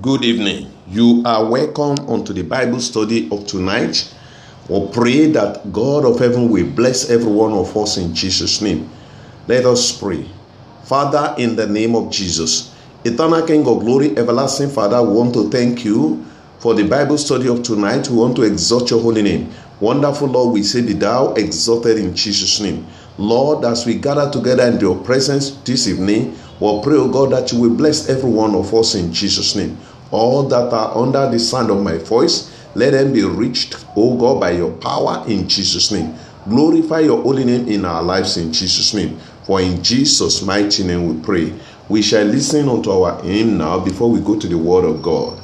Good evening. You are welcome onto the Bible study of tonight. We we'll pray that God of heaven will bless every one of us in Jesus' name. Let us pray. Father, in the name of Jesus, eternal King of glory, everlasting Father, we want to thank you for the Bible study of tonight. We want to exalt your holy name. Wonderful Lord, we say, Be thou exalted in Jesus' name. Lord, as we gather together in your presence this evening, but pray, O God, that you will bless every one of us in Jesus' name. All that are under the sound of my voice, let them be reached, O God, by your power in Jesus' name. Glorify your holy name in our lives in Jesus' name. For in Jesus' mighty name we pray. We shall listen unto our aim now before we go to the word of God.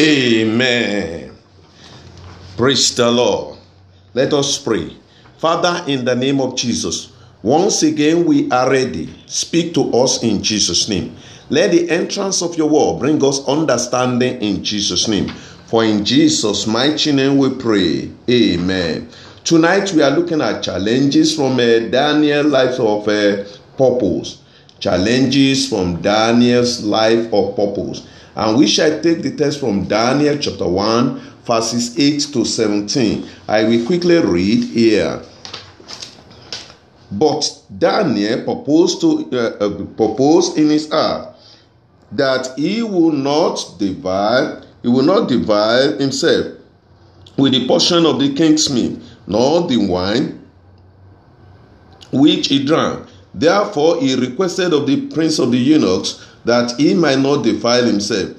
Amen. Praise the Lord. Let us pray. Father, in the name of Jesus, once again we are ready. Speak to us in Jesus' name. Let the entrance of your word bring us understanding in Jesus' name. For in Jesus' mighty name we pray. Amen. Tonight we are looking at challenges from a uh, Daniel's life of uh, purpose. Challenges from Daniel's life of purpose. And we shall take the text from Daniel chapter 1, verses 8 to 17. I will quickly read here. But Daniel proposed, to, uh, uh, proposed in his heart that he will not divide, he will not divide himself with the portion of the king's meat, nor the wine which he drank. Therefore, he requested of the prince of the eunuchs that he might not defile himself.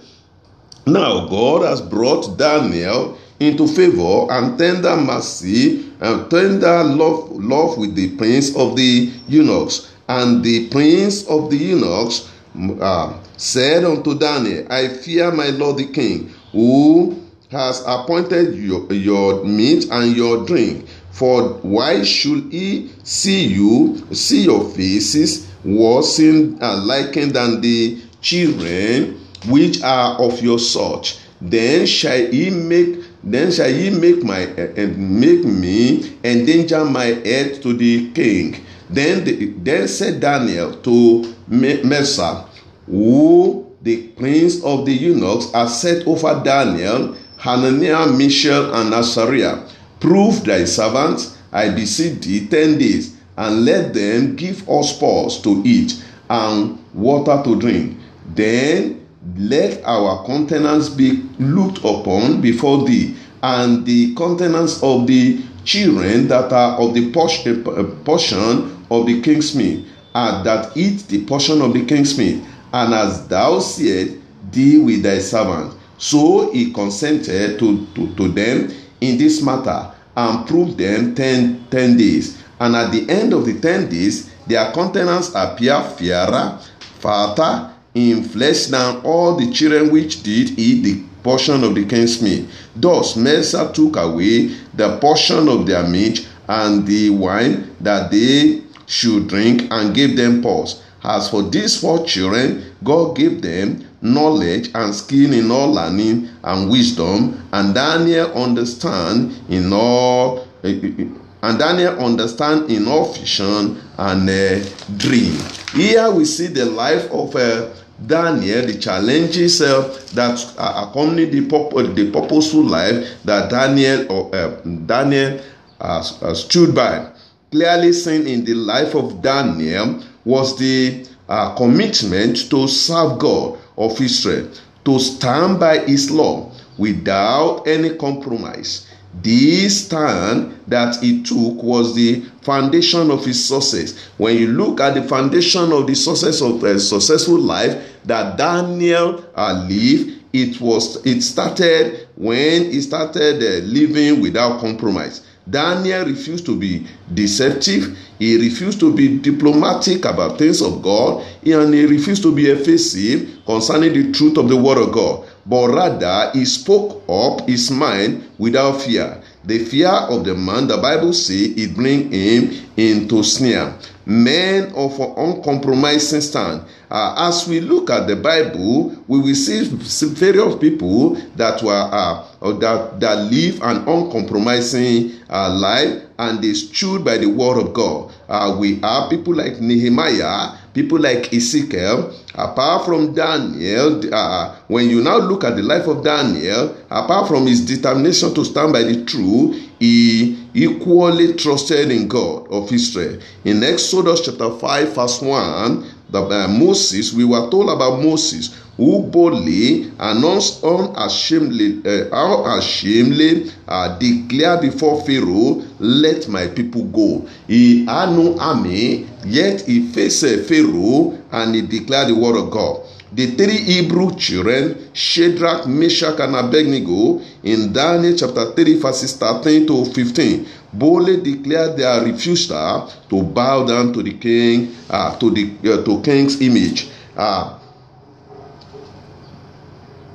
Now, God has brought Daniel into favor and tender mercy and tender love, love with the prince of the eunuchs. And the prince of the eunuchs mm, uh, said unto Daniel, I fear my lord the king, who has appointed your, your meat and your drink. For why should he see you, see your faces, worsened and likened than the children which are of your sort then shall he make then shall he make my uh, make me endanger my head to the king then the, then said daniel to mesa who the prince of the eunuchs has set over daniel hananiah mishael and azariah prove thy servants i beseech thee ten days and let them give us pause to eat and water to drink. Then let our countenance be looked upon before thee, and the countenance of the children that are of the portion of the king's meat, and that eat the portion of the king's meat. And as thou seest, deal with thy servant. So he consented to, to, to them in this matter and proved them ten, ten days and at the end of the ten days their countenance appear fairer, fatter in flesh than all the children which did eat the portion of the king's meat. Thus Mercer took away the portion of their meat and the wine that they should drink and gave them pause. As for these four children, God gave them knowledge and skill in all learning and wisdom, and Daniel understand in all eh, eh, eh, and Daniel understand in all vision and uh, dream. Here we see the life of uh, Daniel, the challenges uh, that uh, accompany the, purpose, the purposeful life that Daniel uh, Daniel has, has stood by. Clearly seen in the life of Daniel was the uh, commitment to serve God of Israel, to stand by His law without any compromise This stand that he took was the foundation of his success. When you look at the foundation of the success of a uh, successful life that Daniel uh, lived, it was it started when he started uh, living without compromise. Daniel refused to be deceptive. He refused to be diplomatic about things of God. And he refused to be effusive concerning the truth of the Word of God. But rather, he spoke up his mind without fear. The fear of the man, the Bible says, it bring him into snare. Men of an uncompromising stand Uh, as we look at the Bible, we will see various people that were uh, that that live an uncompromising uh, life and they stood by the word of God. Uh, we have people like Nehemiah, people like Ezekiel. Apart from Daniel, uh, when you now look at the life of Daniel, apart from his determination to stand by the truth, he equally trusted in God of Israel. In Exodus chapter 5, verse 1, the, uh, Moses, we were told about Moses, who boldly announced unashamedly, uh, unashamedly uh, declared before Pharaoh, Let my people go. He had no army, yet he faced Pharaoh and he declared the word of God. the three Hebrew children, Shadrach, Meshach, and Abednego, in Daniel chapter 3, verses 13 to 15, boldly declared their refusal to bow down to the king, uh, to the uh, to king's image. Uh,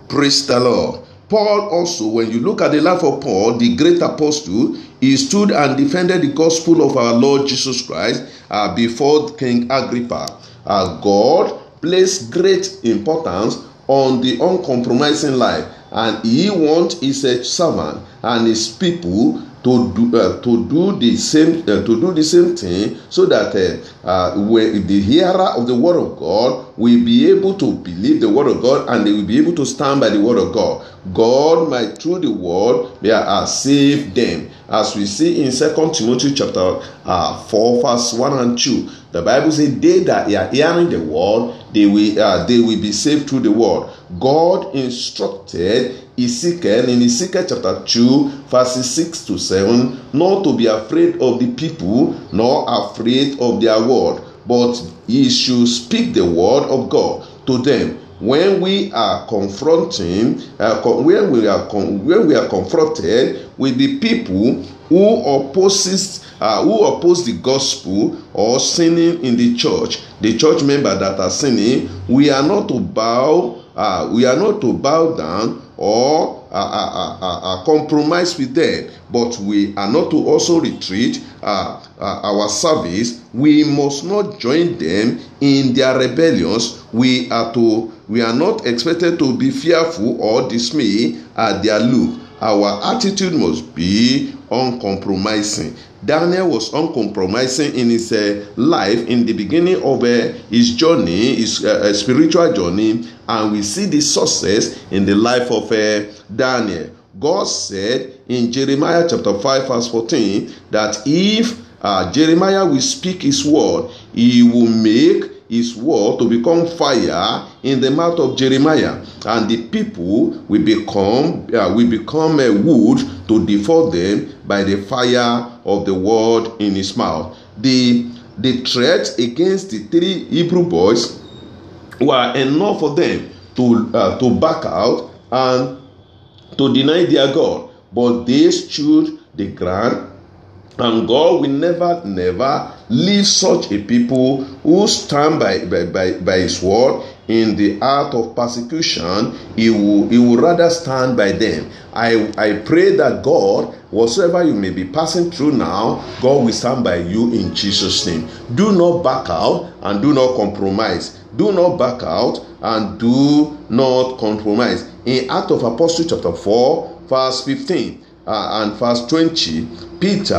praise the Lord. Paul also, when you look at the life of Paul, the great apostle, he stood and defended the gospel of our Lord Jesus Christ uh, before King Agrippa. Uh, God placed great importance on the uncompromising life and he wants his servant and his people to do uh, to do the same uh, to do the same thing so that uh, uh, when the hearer of the word of God will be able to believe the word of God and they will be able to stand by the word of God. God might through the word they are saved them. As we see in Second Timothy chapter uh, 4, verse 1 and 2, the Bible says, They that are hearing the word, they will uh, they will be saved through the word. God instructed Ezekiel in Ezekiel chapter 2, verses 6 to 7, not to be afraid of the people, nor afraid of their word but ye should speak the word of God to them when we are confronting uh, con- when we are con- when we are confronted with the people who opposes uh, who oppose the gospel or sinning in the church the church member that are sinning we are not to bow uh, we are not to bow down or uh, uh, uh, uh, compromise with them, but we are not to also retreat uh, uh, our service. We must not join them in their rebellions. We are to we are not expected to be fearful or dismay at their look. Our attitude must be uncompromising. Daniel was uncompromising in his uh, life in the beginning of uh, his journey, his uh, uh, spiritual journey, and we see the success in the life of uh, Daniel. God said in Jeremiah chapter 5, verse 14, that if uh, Jeremiah will speak his word, he will make his word to become fire in the mouth of Jeremiah, and the people will become uh, will become a uh, wood to devour them, by the fire of the word in his mouth. The, the threat against the three Hebrew boys were enough for them to, uh, to back out and to deny their God, but they stood the ground And God will never, never leave such a people who stand by, by, by, by His word in the heart of persecution. He will, he will rather stand by them. I, I pray that God, whatsoever you may be passing through now, God will stand by you in Jesus' name. Do not back out and do not compromise. Do not back out and do not compromise. In Act of Apostles chapter four, verse fifteen uh, and verse twenty, Peter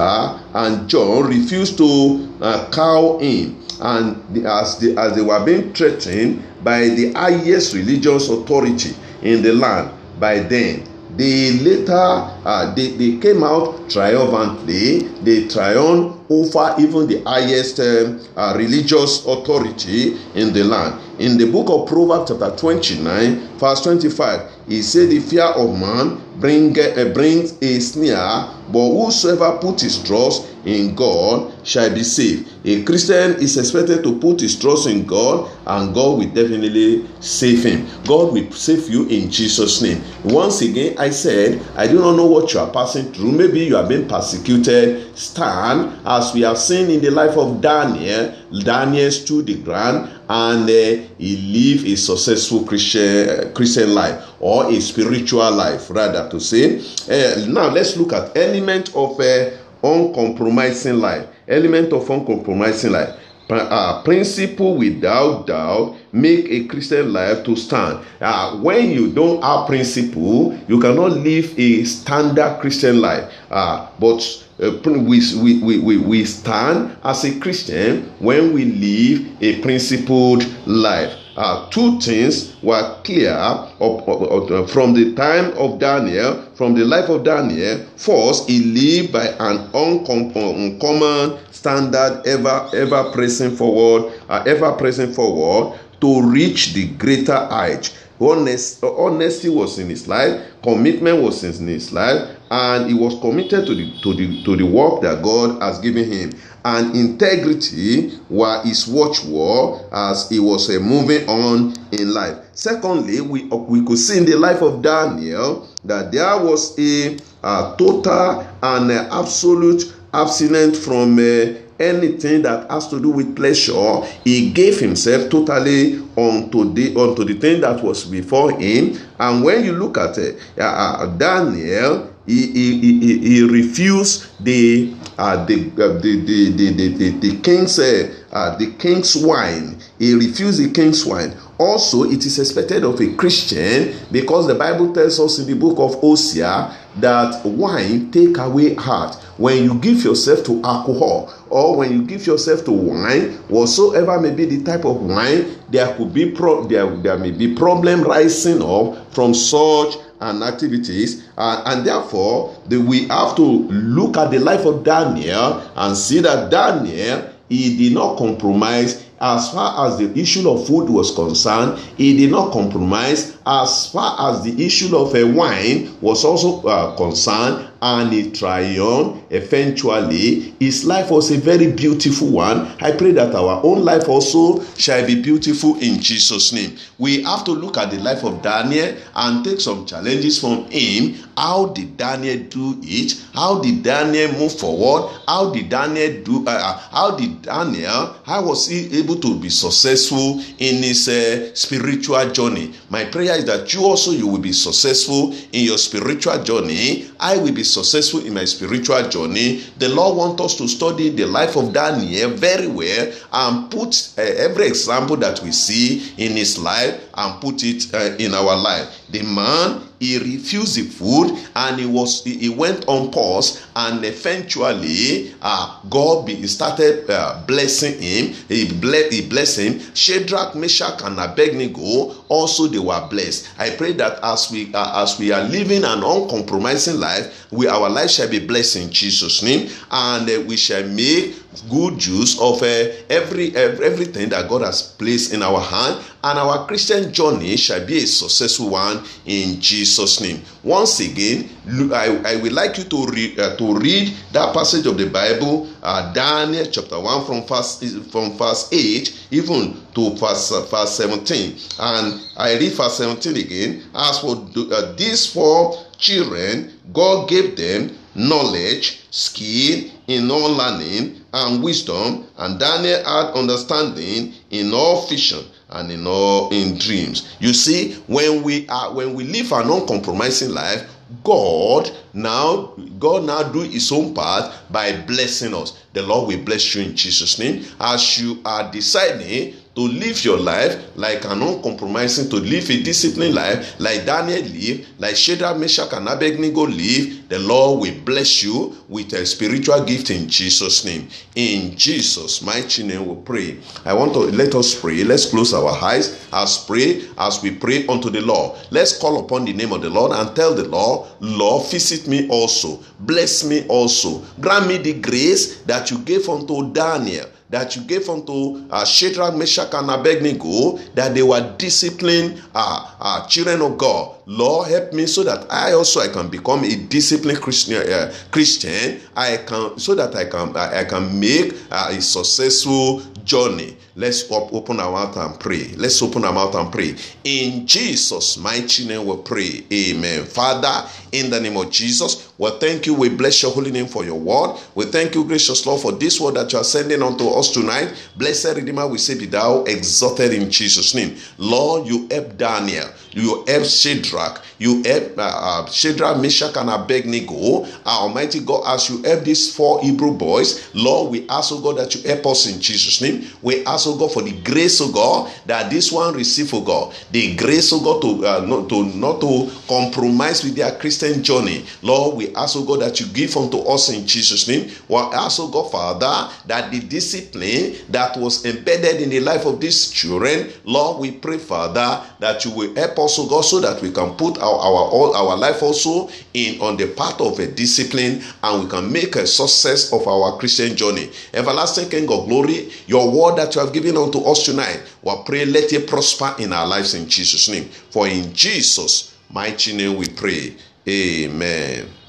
and John refused to uh, cow him, and the, as, the, as they were being threatened by the highest religious authority in the land by then. They later uh, they, they came out triumphantly. They triumphed over even the highest um, uh, religious authority in the land. In the book of Proverbs, chapter twenty-nine, verse twenty-five. He said the fear of man bring, uh, brings a snare, But whosoever put his trust in God shall be saved. A Christian is expected to put his trust in God, and God will definitely save him. God will save you in Jesus' name. Once again, I said, I do not know what you are passing through. Maybe you have been persecuted. Stand, as we have seen in the life of Daniel. Daniel stood the ground and uh, he lived a successful Christian uh, Christian life or a spiritual life, rather to say. Uh, now let's look at any element of uh, uncompromising life element of uncompromising life uh, principle without doubt make a christian life to stand uh, when you don't have principle you cannot live a standard christian life uh, but Eh, we, we, we, we stand as a Christian when we live a principled life. Uh, two things were clear up, up, up, uh, from the time of Daniel, from the life of Daniel. First, he lived by an uncommon standard, ever ever pressing forward, uh, ever pressing forward to reach the greater height. Honest, honesty was in his life, commitment was in his life, and he was committed to the to the to the work that God has given him. And integrity was his watchword as he was uh, moving on in life. Secondly, we uh, we could see in the life of Daniel that there was a, total and uh, absolute abstinence from. Uh, anything that has to do with pleasure he gave himself totally unto the unto the thing that was before him and when you look at it uh, uh, daniel he he he, he refused the uh, the, uh, the, the, the the the king's uh, uh, the king's wine. He refused the king's wine. Also, it is expected of a Christian because the Bible tells us in the book of osia that wine take away heart. When you give yourself to alcohol or when you give yourself to wine, whatsoever may be the type of wine, there could be pro- there, there may be problem rising up from such and activities uh, and therefore the, we have to look at the life of daniel and see that daniel he did not compromise as far as the issue of food was concerned he did not compromise as far as the issue of uh, wine was also uh, concerned and he triumphed eventually. His life was a very beautiful one. I pray that our own life also shall be beautiful in Jesus' name. We have to look at the life of Daniel and take some challenges from him How did Daniel do it? How did Daniel move forward? How did Daniel do? Uh, uh, how did Daniel? How was he able to be successful in his uh, spiritual journey? My prayer is that you also you will be successful in your spiritual journey. I will be successful in my spiritual journey. The Lord wants us to study the life of Daniel very well and put uh, every example that we see in his life and put it uh, in our life. The man he refused the food and he was he, went on pause and eventually uh, god be, started uh, blessing him he, ble- he blessed him shadrach meshach and abednego also they were blessed i pray that as we uh, as we are living an uncompromising life we our life shall be blessed in jesus name and uh, we shall make good use of uh, every, every everything that God has placed in our hand, and our Christian journey shall be a successful one in Jesus' name. Once again, I, I would like you to read uh, to read that passage of the Bible, uh, Daniel chapter one from first from verse eight even to verse uh, verse seventeen, and I read verse seventeen again. As for uh, these four children, God gave them knowledge, skill in all learning and wisdom, and Daniel had understanding in all vision and in all in dreams. You see, when we are when we live an uncompromising life, God now God now do his own part by blessing us. The Lord will bless you in Jesus' name as you are deciding to live your life like an uncompromising, to live a disciplined life like Daniel lived, like Shadrach, Meshach, and Abednego lived, the Lord will bless you with a spiritual gift in Jesus' name. In Jesus' mighty name, we pray. I want to let us pray. Let's close our eyes as pray as we pray unto the Lord. Let's call upon the name of the Lord and tell the Lord, Lord, visit me also, bless me also, grant me the grace that you gave unto Daniel that you gave unto uh, Shadrach, Meshach, and Abednego, that they were disciplined uh, uh, children of God. Lord, help me so that I also I can become a disciplined Christian. Uh, Christian, I can so that I can I, uh, I can make uh, a successful journey. Let's op- open our mouth and pray. Let's open our mouth and pray. In Jesus' mighty name, we pray. Amen. Father, in the name of Jesus, we thank you. We bless your holy name for your word. We thank you, gracious Lord, for this word that you are sending unto us tonight. Blessed Redeemer, we say, Be thou exalted in Jesus' name. Lord, you help Daniel, you help Shadrach, you help uh, uh, Shadrach, Meshach, and Abednego. Our Almighty God, as you help these four Hebrew boys, Lord, we ask, O God, that you help us in Jesus' name. We ask, O God, for the grace, of God, that this one receive, O God, the grace, O God, to, uh, not, to not to compromise with their Christian journey. Lord, we ask, O God, that you give unto us in Jesus' name. We ask, O God, Father, that the discipline discipline that was embedded in the life of these children. Lord, we pray, Father, that you will help us, O God, so that we can put our, our all our life also in on the path of a discipline and we can make a success of our Christian journey. Everlasting King of glory, your word that you have given unto us tonight, we pray, let it prosper in our lives in Jesus' name. For in Jesus' mighty name we pray. Amen.